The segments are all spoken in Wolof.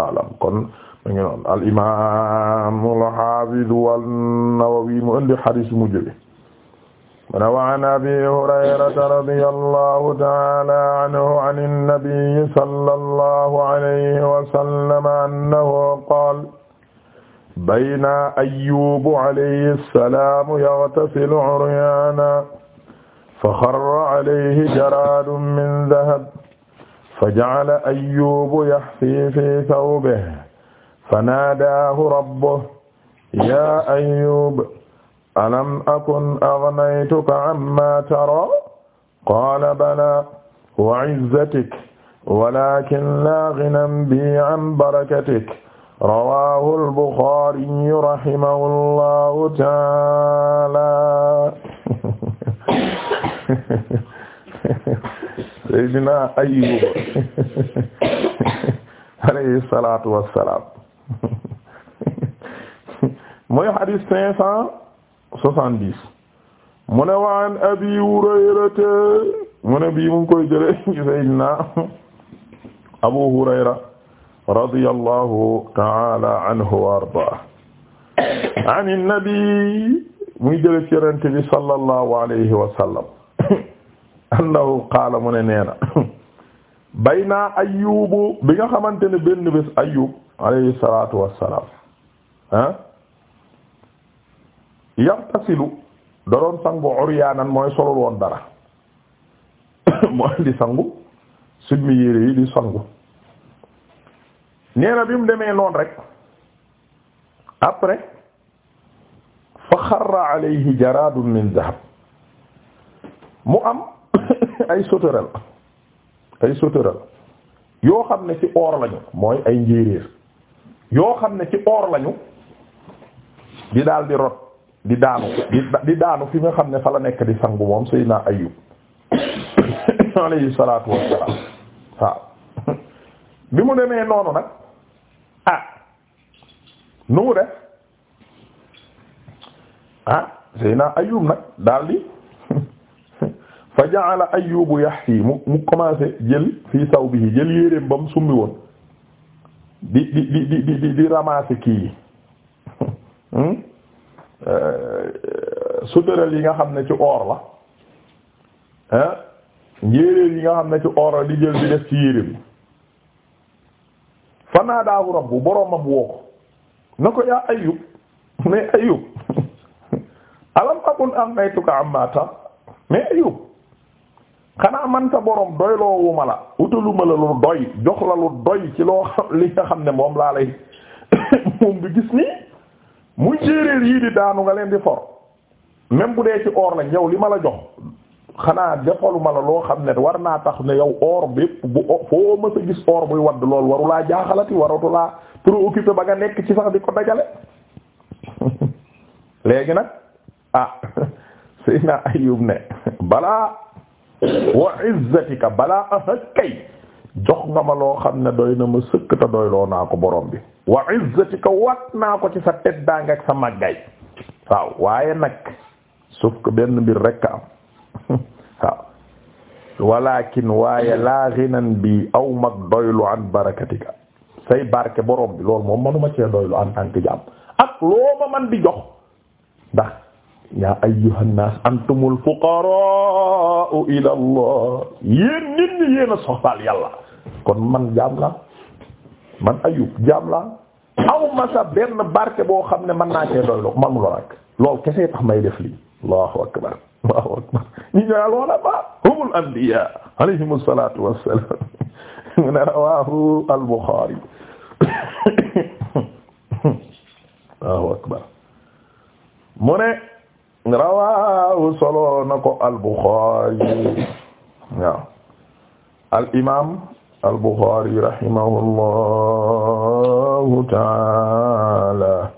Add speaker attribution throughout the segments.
Speaker 1: a'lam kon mu ngi noonu al imaam al haafiz an-Nawawi mu indi hadiis mu jóge mana wa an abi hurayrata radiyallahu ta'ala anhu an an-nabiy sallallahu alayhi wa sallam annahu qaala bayna ayyuubu alayhi salaam yaghtasilu 'uryaanan fa kharra alayhi jaraadun min dhahab fa jacala ayyubu yaxfi fi sawbihi fa naadaahu rabbuhu yaa ayyubu alam akun agnaytuka cammaa taraa qaala balaa wa cizzatika walaakin laa ginan bii can barakatika rawaahu al-Buxaariyu rahimahu llaahu tacaalaa Seydina Ayyub alayhi salaatu wassalaam mooy hadis cinq cent soixante-dix mu ne wa an Abi Hurayrata mu ne bii mu ngi koy jëlee ci Abu Hurayra radiyallahu ta'ala anhu wa ardaa an an-nabi muy jëlee ci Yonent bi sallallahu alayhi wa sallam annahu qaala mu ne nee na baynaa ayubu bi nga xamante ne benn bés ayub alayhi salaatu wassalaam ah yaqtasilu da doon sangu uryaanan mooy solul woon dara mooy di sangu summi yére yi di sangu nee bi mu demee noon rek après fa xarra alayhi jaraadun min zahab mu am ay sauterelles ay sauterelles yoo xam ne ci or lañu mooy ay njéeréer yoo xam ne ci oor lañu di daal di rot di daanu di daanu fi nga xam ne fa la nekk di sangu moom Seydina Ayyub alayhi salaatu wassalaam waaw bi mu demee noonu nag ah nu mu def ah Seydina Ayyub nag daal di fa ja'ala ayyubu yahsi mu mu commencé jël fii sawbihi jël yéreem ba mu summi woon di di di di kii yi hmm? euh, sutural yi nga xam ne ci or la ah njéeréer yi nga xam ne ci or di jël di def ci fa naadaahu rabbu boroomam woo ko na ko yaa ayyub mais ayyub alam akun am naytuka amata mais ayyub xanaa man sa boroom doyloowuma la utaluma la lu doy jox la lu doy ci loo xam li nga xam ne moom laa lay moom bi gis nii muy séeréer yii di daanu nga leen di for même bu dee ci or la ñëw li ma la jox xanaa defaluma la loo xam ne war naa tax ne yow or bi bu foo ma sa gis or buy wadd lool warulaa jaaxalati waratu laa préoccupé ba nga nekk ci sax di ko dajale léegi nag ah Seydina Ayub ne balaa wa izzatika balaa ahad jox nga ma loo xam ne doy na ma sëkk doyloo naa ko boroom bi wa izzatika wat naa ko ci sa teddaanga ak sa màggay waaw waaye nag sauf que benn mbir rekk am waaw walakin waaye laa ghinan bi aw mag doylu an barakatika say barke borom bi loolu moom manuma cee doylu en tant jaam ak loo ma man di jox ndax yaa ayyuhan naas antumul fuqaraa ila allah yéen nit ñi yéen a soxlaal yàlla kon man jaam la man ayub jaam la aw ma sa benn barke boo xam ne man naa cee doy loo manula rek lool kese tax may def lii allahu akbar allahu akbar ñi ñooy alwala ba humul anbiya alayhimu salaatu wassalaam mu ne rawaahu al-Buxaari allahu akbar mu ne rawaahu solo na ko al-Bukhari waaw al-imaam al-Bukhari rahimahullahu taala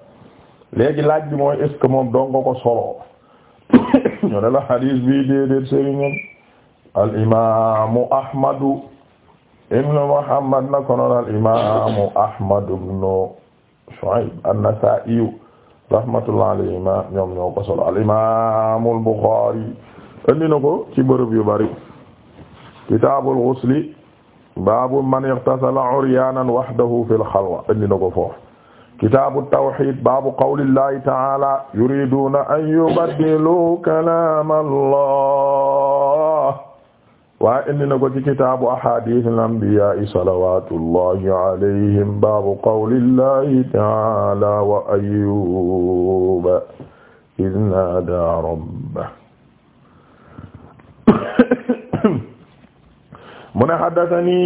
Speaker 1: léegi laaj bi mooy est-ce ko solo ñu ne la hadith bi déedéet sëriñam al-imaamu Ahmadu ibnu Muhammad na ko noon al-imaamu Ahmadu ibnu Shu'ayb an-Nasaa'i rahmatullah alayhima ñoom ñoo ko solo al imam al Bukhari andi na ko ci bërëb yu bari kitaabul ghusli baabu man ightasala uryaanan wahdahu fil xalwa andi na ko foofu kitaabu tawxiid baabu qawlillahi ta'ala yuriduuna an yubaddilu kalaama Allah waa indi na ko ci kitaabu ahadith al anbiya salawatullahi alayhim baabu qawlillahi ta'ala wa ayyuba iz naadaa rabbahu mu ne haddathani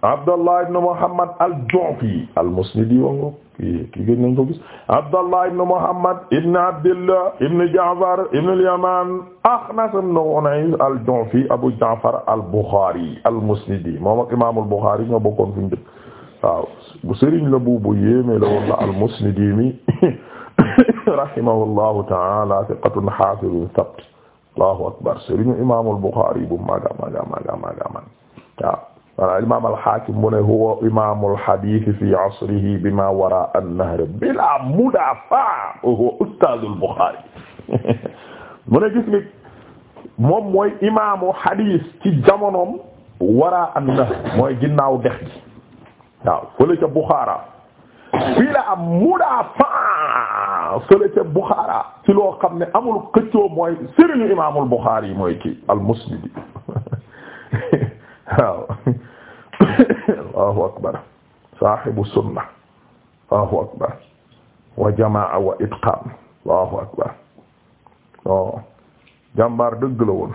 Speaker 1: Abdallah ibn Muhammad al-Ju'fi al-Musnidi wango ki ki gën nañ ko gis Abdallah ibn Muhammad ibn Abdillah ibn Ja'far ibn al-Yaman Akhnas ibn Unais al-Ju'fi Abu Ja'far al-Bukhari al-Musnidi moom ak Imam al-Bukhari ñoo bokkoon fi ñu jëm waaw bu sëriñ la bu bu yéeme la woon la al-Musnidi mi rahimahullahu ta'ala thiqatun hafizun thabt Allahu akbar sëriñ Imam al-Bukhari bu maga maga maga maga man waaw voilà imam al-Hakim mu ne huwa imamul hadith fi asrihi bima wara an-nahr bila mudafa huwa ustadul Bukhari mu ne gis ni moom mooy imaamu hadith ci jamonoom wara an-nahr mooy ginnaaw dex gi waaw fële ca Bukhara bila mudafa fële ca Bukhara ci loo xam ne amul xëccoo mooy sëriñu imamul Bukhari yi mooy kii al-Musnad waaw allahu akbar saahibu sunna allahu akbar wa jamaa wa itqaam allahu akbar o oh. jàmbaar dëgg la woon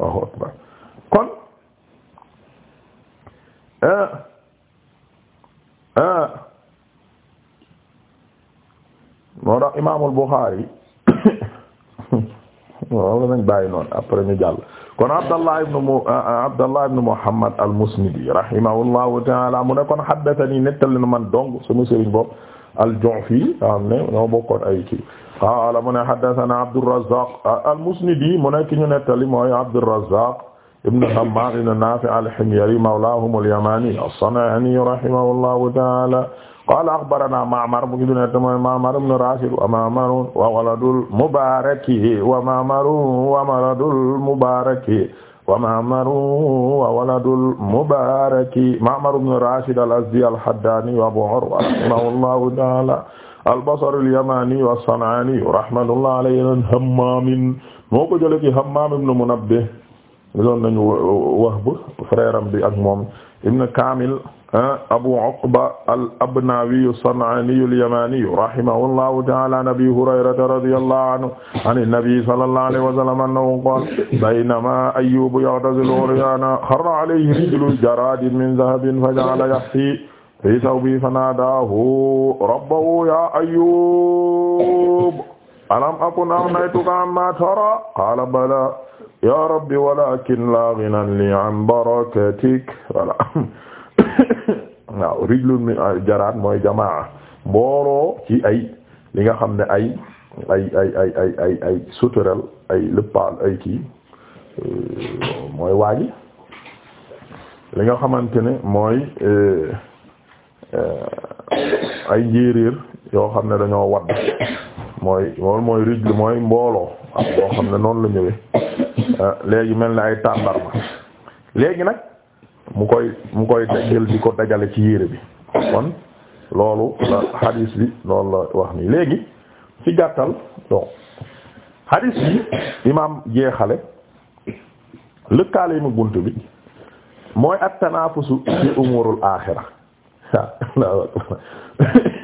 Speaker 1: allahu akbar kon eh, eh, moo tax imaamul Buxaari wala nañ bàyyi noonu après ñu jàll kon Abdallah ibn mu ah, ah, Abdallah ibn Muhammad al-Musnidi rahimahullahu ta'ala mu ne kon haddathani nettali na man dong sama sëriñ bopp al-Ju'fi am ne ñoo bokkoon ay kii qaala mu ne haddathana Abdurrazzaq ah, al-Musnidi mu ne ki ñu nettali mooy Abdurrazzaq ibn Hammam ibn Nafi' al-Himyari mawlahum al-Yamani as-San'ani rahimahullahu ta'ala qaala axbaranaa Ma'mar mu ngi doon tamit Ma'mar ibn Rashid wa Ma'mar wa waladul Mubaarak wa Ma'mar wa waladul Mubaarak wa Ma'mar wa waladul Mubaarak Ma'mar ibn Rashid al-Azdi al-Haddaani Abu Urwa rahimahullahu ta'aala al-Basri al-Yamaani as-San'aani rahmatullahi alayhi an Hammaam moo ko jëlee ci Hammaam ibn Munabbih doon nañu Wahb frère am bi ak moom ibn Kamil ah, Abu Uqba al-Abnawi as-San'ani al-Yamani rahimahullahu ta'ala an Abi Hurayrata radiyallahu anhu an an-nabi sallallahu alayhi wa sallam annahu qala baynama Ayyubu yaghtasilu uryanan kharra alayhi rajulun jaradun min dhahabin faja'ala yahthi fi thawbihi fanadahu rabbahu ya Ayyub alam akun amnaytuka amma tara qala bala ya rabbi walakin la ghinan li an barakatik voilà waaw rijlun jaraat mooy jamaa mbooloo ci ay li nga xam ne ay ay ay ay ay ay ay sutural ay lëppaal kii euh, mooy waaji li nga xamante ne mooy euh, euh, ay njéeréer yoo xam ne dañoo wadd mooy loolu mooy rijlu mooy mbooloo am boo xam ne noonu la ñëwee euh, léegi mel ni ay tàndarma léegi nag mu koy mu koy jël di ko dajale ci yére bi kon loolu la hadis bi loolu la wax nii léegi ci gàttal donc hadis bi imaam jeexale lëkkaale mu bunt bi mooy at-tanaafusu fi umurul aaxira waaw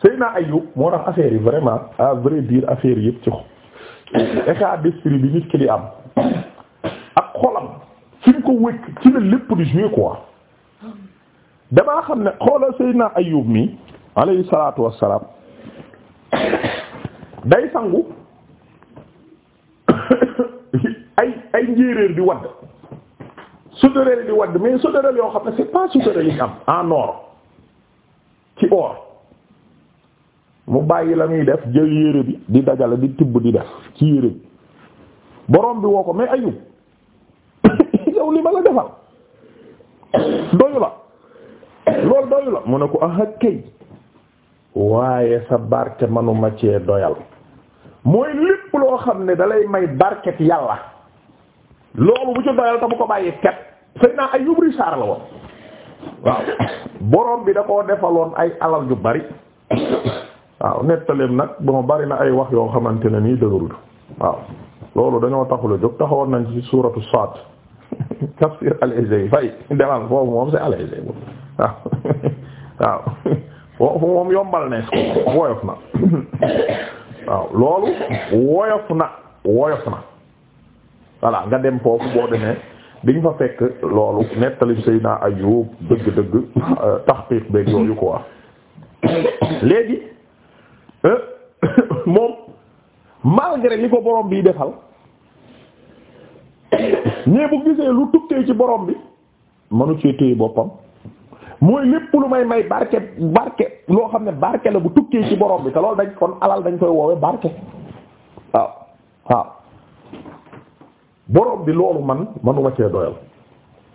Speaker 1: Seydina Ayyub moo tax affaire yi vraiment à vrai dire affaire yëpp ci état d'esprit bi nit ki di am ak xolam fi ko wékk ci la lépp di jouer quoi damaa xam ne xoolal Seydina Ayyub mi alayhi salaatu wassalaam day sangu ay ay njéeréer di wadd sauterelles di wadd mais sauterelles yoo xam ne c'est pas sauterelles yi am en or ci or mu bàyyi la muy def jël yére bi di dajale di tibb di def ci yére bi borom bi woo ko mais ayub yow li ma la defal doyu la loolu doyu la mu ne ko ah kay waaye sa barke manuma cee doyal mooy lépp loo xam ne dalay may barket yàlla loolu bu ci doyal te bu ko bàyyi ket sëy ayub risaar la woon waaw borom bi da koo defaloon ay alal yu bari waaw nettaleem nag bon bari na ay wax yoo xamante ne nii dëgërul waaw loolu dañoo taxula jóg taxawoon nañ ci suuratu Saad tafsir al-Izzi fay demal foofu moom c'est al-Izzi moom waaw waaw foofu moom yombal ne woyof na waaw loolu woyof na woyof na voilà nga dem foofu boo demee di fa fekk loolu nettali Seydina Ayyub dëgg-dëgg taxqiq beeg yooyu quoi léegi. moom malgré li ko borom bi defal mais bu gisee lu tukkee ci boroom bi mënu ci téye boppam mooy lépp lu may may barke barke loo xam ne barke la bu tukkee ci borom bi te loolu dañ kon alal dañ koy woowe barke waaw waaw borom bi loolu man manuma cee doyal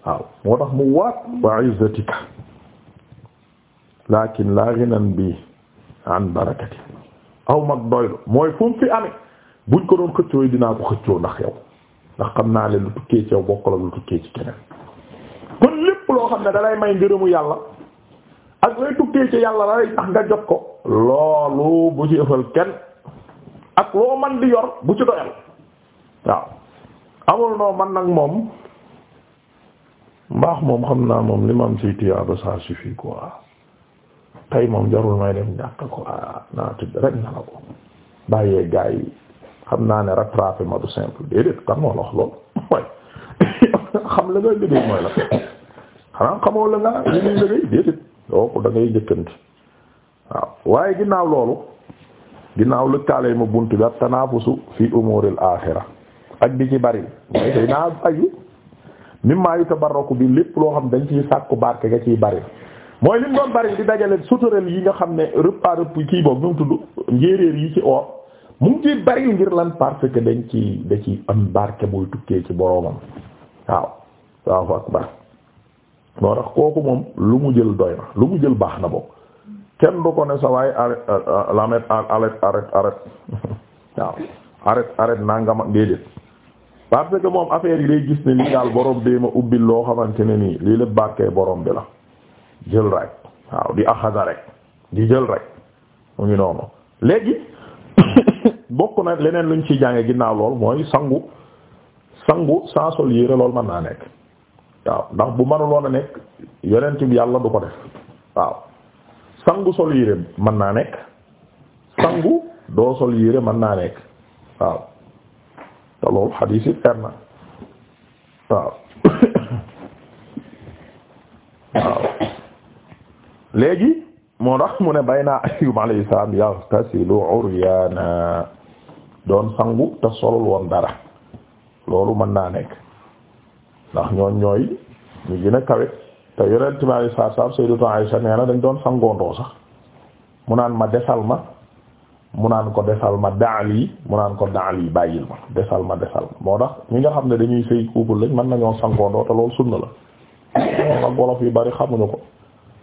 Speaker 1: waaw moo tax mu waat wa izzatika lakin la ghinan bii an barakati aw mag doylu mooy fu fi amee buñ ko doon xëccoo yi dinaa ko xëccoo ndax yow ndax xam naa leen lu tukkee ci yow bokkul ak lu tukkee ci keneen kon lépp loo xam ne dalay may ngërëmu yàlla ak lay tukkee ci yàlla la lay tax nga jot ko loolu bu ci ëffal kenn ak loo man di yor bu ci doyal waaw amul noo man nag moom mbaax moom xam naa moom li ma am ci tiyaaba ça suffit quoi tey moom jarul may dem ñàkk ko ah, naa tudd rek na bàyyee gaa yi xam naa ne rattrapé ma du simple déedéet kan moo la loolu xam la ngay liggéey mooy la xanaa xamoo la nga li ñuy déedéet doo ko da ngay njëkkanti waaw waaye ginnaaw loolu ginnaaw lëkkaale ma bunt bi ak tanaafusu fi umuril aaxira ak bi ci bari mooy tey naa aju mimmaa yu bi lépp loo xam dañ ciy sàkku barke nga ciy bari mooy lim doon bari di dajale sutural yi nga xam ne repas repas kii boobu ñu ngi njéeréer yi ci or mu ngi bari ngir lan parce que dañ ci da ci am barke buy tukkee ci boroomam waaw waaw akbar moo tax kooku moom lu mu jël doy na lu mu jël baax na boobu kenn du ko ne sa waaye arrête euh, lamet arrête arrête arrête waaw arrête parce que moom affaire yi day gis ne li daal borom dee ma ubbil loo xamante ne nii lii lépp barke borom bi la jël rek waaw di axada rek di jël rek mu ngi noonu léegi bokk na leneen luñ ciy jànge ginnaaw lool mooy sangu sangu sans sol yére loolu mën naa nekk waaw ndax bu mënuloon nekk yonent bi yàlla du ko def waaw sangu sol yére mën naa nekk sangu doo sol yére mën naa nekk waaw te loolu xadiis yi na waaw waaw léegi moo tax mu ne bay naa Ayyub alayhi salaam yaghtasilu uryaana doon sangu te solul woon dara loolu mën naa nekk ndax ñooñ ñooy ñu gën a kawe te yonent bi alayhi salaam Sayyidatu na dañ doon sangoondoo sax mu naan ma desal ma mu naan ko desal ma daal yi mu naan ko daal yi bàyyil ma desal ma desal ma moo tax ñi nga xam ne dañuy sëy couple lañ mën nañoo sangoondoo te loolu sunna la ak wolof yu bari xamuñu ko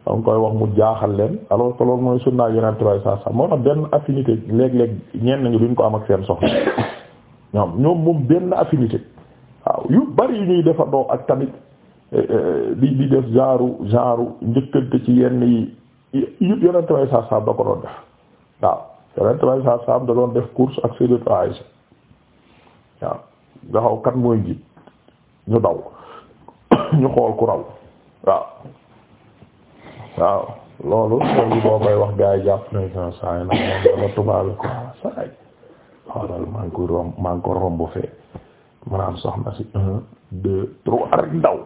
Speaker 1: da nga koy wax mu jaaxal leen alors que loolu mooy sunnaa yonent bi saa saa moo tax benn affinité léeg-léeg ñenn ñi duñ ko am ak seen soxla ñoom moom benn affinité waaw yu bari yu ñuy defandoo ak eh, eh, ci yenn yi yëpp da ko doon def waaw yonent bi saa saa da doon def course ak Sayyidatu Aisha waaw nga xaw kat mooy jiit ñu daw ñu xool ku raw waaw. waaw loolu loolu boo koy wax gaa yi jàpp nañu saa saa yi nag moom dama tubaab ko ah, saa yi xoolal ko romb maa ngi ko romb soxna si un deux trois rek ndaw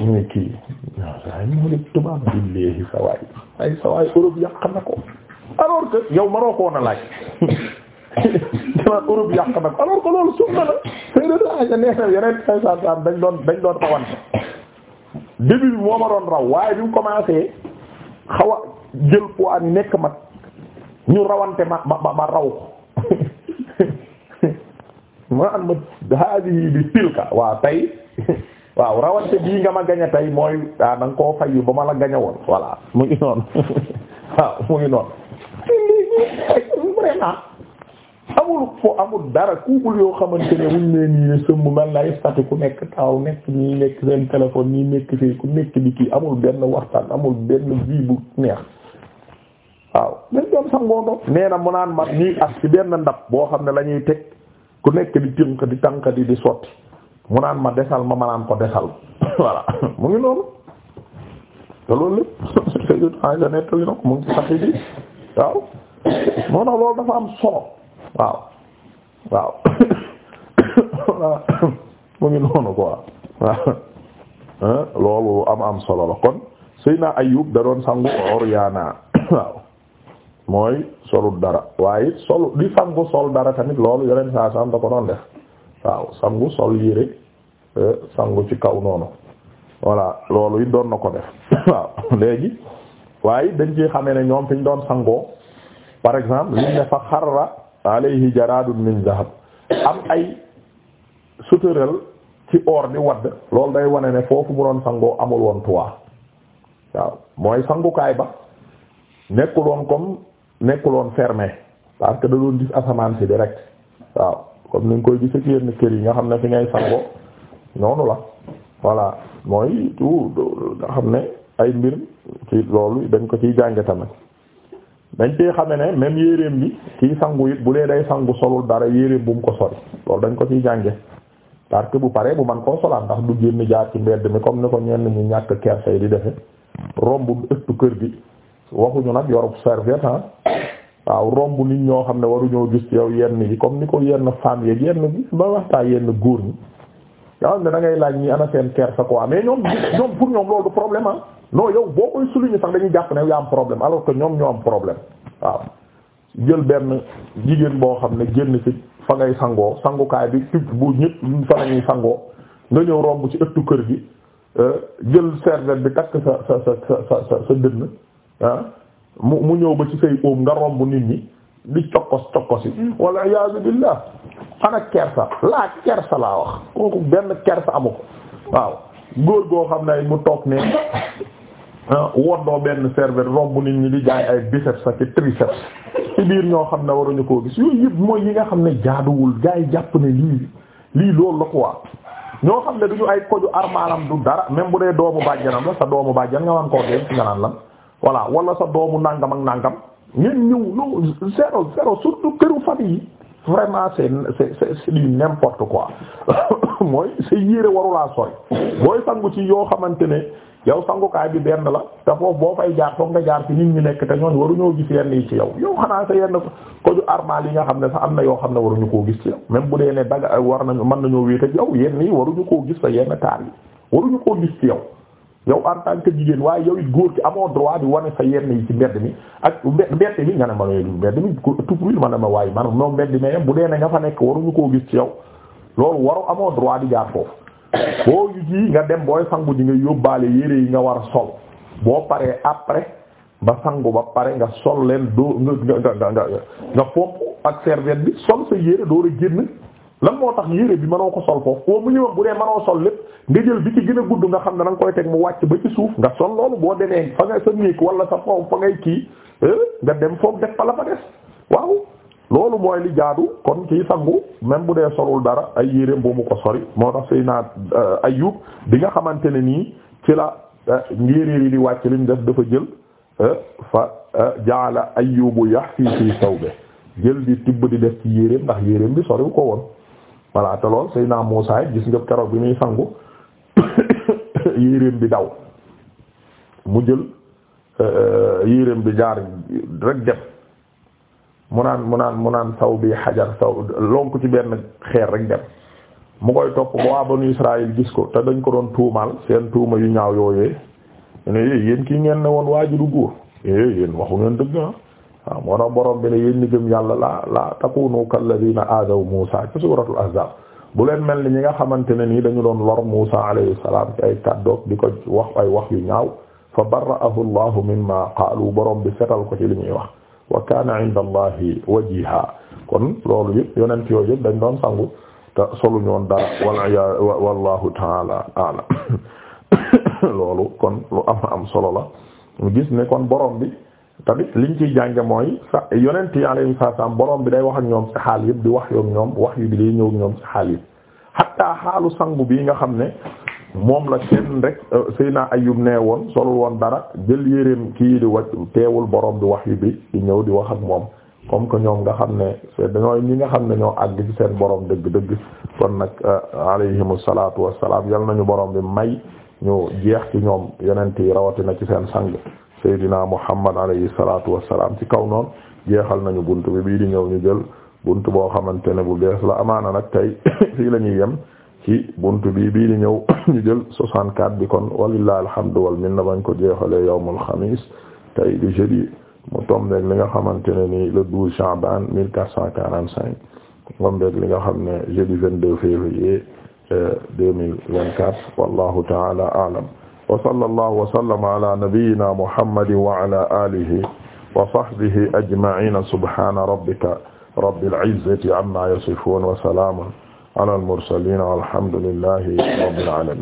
Speaker 1: ñu kii saa yi ñu nekk tubaab bi léegi saa ay saa Europe yàq na ko alors que yow maroo ko woon a laaj dama Europe yàq na ko alors que loolu sunna na daa neexal ay saa dañ doon dañ doon awante. début moo ma doon raw waaye bi mu commencé xaw jël poids nekk mag ñu rawante ma ma ma raw ko ma an ma bi tilka waaw tey waaw rawante bii nga ma gañe tey mooy ah da nga ba ma la gañe woon voilà mu ngi noonu waaw mu ngi noonu amul fo amul dara kuubul yoo xamante ne wuñ leen nii sëmb mel na istati ku nekk taw nekk nii nekk seen téléphone nii nekk fii ku nekk di kii amul benn waxtaan amul benn vie bu neex waaw dañ doon sangoondoo nee na mu naan man ñuy as ci benn ndab boo xam ne la ñuy teg ku nekk di tënk di tànk di di sotti mu ma desal ma ma naan ko desal voilà mu ngi noonu te loolu lépp sayyid Aisha nettali na ko mu ngi saxi waaw moo tax loolu dafa am solo waaw waaw mu ngi noonu quoi waaw loolu am am solo la kon na Ayyub da doon sangu oryaana waaw mooy solul dara waaye sol di sangu sol dara tamit loolu yeneen saa sam da ko doon def waaw sangu sol yére euh, sangu ci kaw noonu voilà loolu it doon na ko def waaw léegi waaye dañ ci xamee ne ñoom fi ñu doon sangoo par exemple liñ ne fa xarra alayhi jaradun min zahab am ay sutural ci or di wadd loolu day wane ne foofu mu doon sangoo amul woon tuwaa waaw mooy sangukaay ba nekkul kom comme nekkul woon fermé parce que da doon gis asamaan si direct waaw comme ni nga koy gise ci kër yi nga xam ne fi ngay sango noonu la voilà mooy tout nga xam ne ay mbir loolu dañ ko ciy jànge tamit dañ cee xame ne même yéreem bi kiy sangu it bu dee day sangu solul dara yéreem bu mu ko sori loolu dañ ko ciy jànge parce que bu paree bu man koo solaat ndax du génn jaar ci mbedd mi comme ni ko ñenn ñu ñàkk kersa yi di defe romb ëttu kër gi waxuñu nag yorub serviette ah waaw romb nit ñoo xam ne waruñoo gis yow yenn gi comme ni ko yenn femme yeeg yenn ba waxtaa yenn góor ñi yoo xam ne da ngay laaj ñi ana seen kersa quoi mais ñoom ñoom pour ñoom loolu du problème ah non yow boo koy souligner sax dañuy jàpp ne yaa am problème alors que ñoom ñoo am problème waaw jël benn jigéen boo xam ne génn ci fa ngay sangoo sangukaay bi tub bu ñëpp fa lañuy sangoo nga ñëw romb ci ëttu kër gi euh, jël serviette bi takk sa sa sa sa sa sa dënn ah, mu mu ñëw ba ci say óom nga romb nit ñi di cokkos cokkosi wala iyaazu billah xana kersa laa kersa laa wax kooku benn kersa amu ko waaw góor goo xam ne mu toog ne ah, woddoo benn serveur romb nit ñi di jaay ay biceps ak triceps ci biir ñoo xam ne waruñu koo gis yooyu yëpp mooy yi nga xam ne jaaduwul gaa yi jàpp ne lii lii loolu la quoi ñoo xam ne duñu ay koju armaalam du dara même bu dee doomu bàjjanam la sa doomu bàjjan nga wan koo denc nga naan lan voilà wala sa doomu nàngam ak nàngam ngeen ñëw no zéro zéro surtout këru famille yi vraiment c'est c'est c'est du n'importe quoi mooy sa yére warulaa sori booy sangu ci yoo xamante ne yow sangukaay bi benn la te foofu boo fay jaar foog nga jaar ci nit ñu nekk te ñooñu waruñoo gis yenn yi ci yow yow xanaa sa yenn ko ju armal yi nga xam ne sax am na yoo xam ne waruñu koo gis ci yow même bu dee ne daga war nañu mën nañoo wéet ak yow yenn yi waruñu koo gis sa yenn taar yi waruñu koo gis ci yow yow en tant jigéen waaye yow it góor ki amoo droit di wane sa yenn yi ci mbedd mi ak mbedd mi nga ne ma looy mbedd mi tout ma ne ma waaye man moom mbedd mi bu dee ne nga fa nekk waruñu koo gis ci yow loolu waru amoo droit di jaar foofu. boo ji nga dem booy sangu ji nga yóbbaale yére yi nga war a sol boo paree après ba sangu ba pare nga sol leen doo nga nga nga nga fopp ak serviette bi sol sa yére door a génn lan moo tax yére bi mënoo ko sol foofu foofu mu ñëw bu dee mënoo sol lépp. nga jël bi ci gën a gudd nga xam ne da nga koy teg mu wàcc ba ci suuf nga sol loolu boo demee fa nga sa néeg wala sa foofu fa ngay kii eh, nga dem foofu def fa la fa des waaw loolu mooy li jaadu kon kii sangu même bu dee solul dara ay yéreem bu mu ko sori moo tax sëy naa euh, Ayyub bi nga xamante ne nii ci la njéeréer euh, yi di wàcc li lim def dafa jël euh, fa jaala Ayyubu yaxfi fi sawbe jël di tibb di def ci yéreem ndax yéreem bi soriw ko woon voilà te lool sëy naa Muusaa gis nga keroog bi muy sangu yéreem bi daw mu jël euh, euh, yéreem bi jaar rek dem mu naan mu naan mu naan saw bi xajar saw lon ko ci benn xeer rek dem mu koy topp ba waa banu Israël gis ko te dañ ko doon tuumaal seen tuuma yu ñaaw yooyee ne eh, yéen kii ngeen ne woon waaju du góor eh, yéen waxu ngeen dëgg ah waaw ah, moo tax borom bi ne yéen ñi gëm yàlla la la ka kalladina aadaw Muusa ci suuratul Ahzaab bu leen mel ni ñi nga xamante ne nii dañu doon lor Muusa alayhi salaam ci ay kàddoog di ko wax ay wax yu ñaaw fa barra'ahu Allahu mimma qaalu borom bi setal ko ci li ñuy wax wa kaana inda Allahi wajiha kon loolu yëpp yonent yooyu yëpp dañ doon sangu te solu ñoon dara wala wallahu taala alam loolu kon lu am am solo la gis ne kon borom bi tamit liñ ciy jànge mooy sa yonent yi alayhi salaam boroom bi day wax ak ñoom ci xaal yëpp di wax yoog ñoom wax yu bi day ñëw ñoom ci xaal yëpp xatta xaalu sangu bii nga xam ne moom la kenn rek euh, Seyna Ayyub nee woon solul woon dara jël yéreem kii di wacc teewul borom bi wax yu bi di ñëw di wax ak moom comme que ñoom nga xam ne c'est dañooy ñi nga xam ne ñoo àgg ci seen borom dëgg-dëgg kon nag euh, alayhimu salaatu wassalaam yal nañu borom bi may ñu jeex ñoom yonent yi rawatina ci seen sang Seydina Muhammad alayhi salaatu wassalaam ci kaw noonu jeexal nañu buntu bi bii di ñëw ñu jël buntu boo xamante ne bu bees la amaana nag tey fii la ñuy yem ci buntu bi bii ñëw ñu jël 64 bi kon walillahi alhamdu wal minna bañ ko jeexalee yawmul xamiis tey di jeudi mu tombeeg li nga xamante ne nii le 12 Cha'bâne 1445 tombeeg li nga xam ne jeudi 22 février 2024 euh, wallahu ta'ala a'lam wa sallallahu wa sallama ala nabiyyina muhammadin wa ala alihi wa sahbihi ajma'ina subhana rabbika rabbil izzati amma yasifun wa salamun ala al mursalin walhamdulillahi rabbil alamin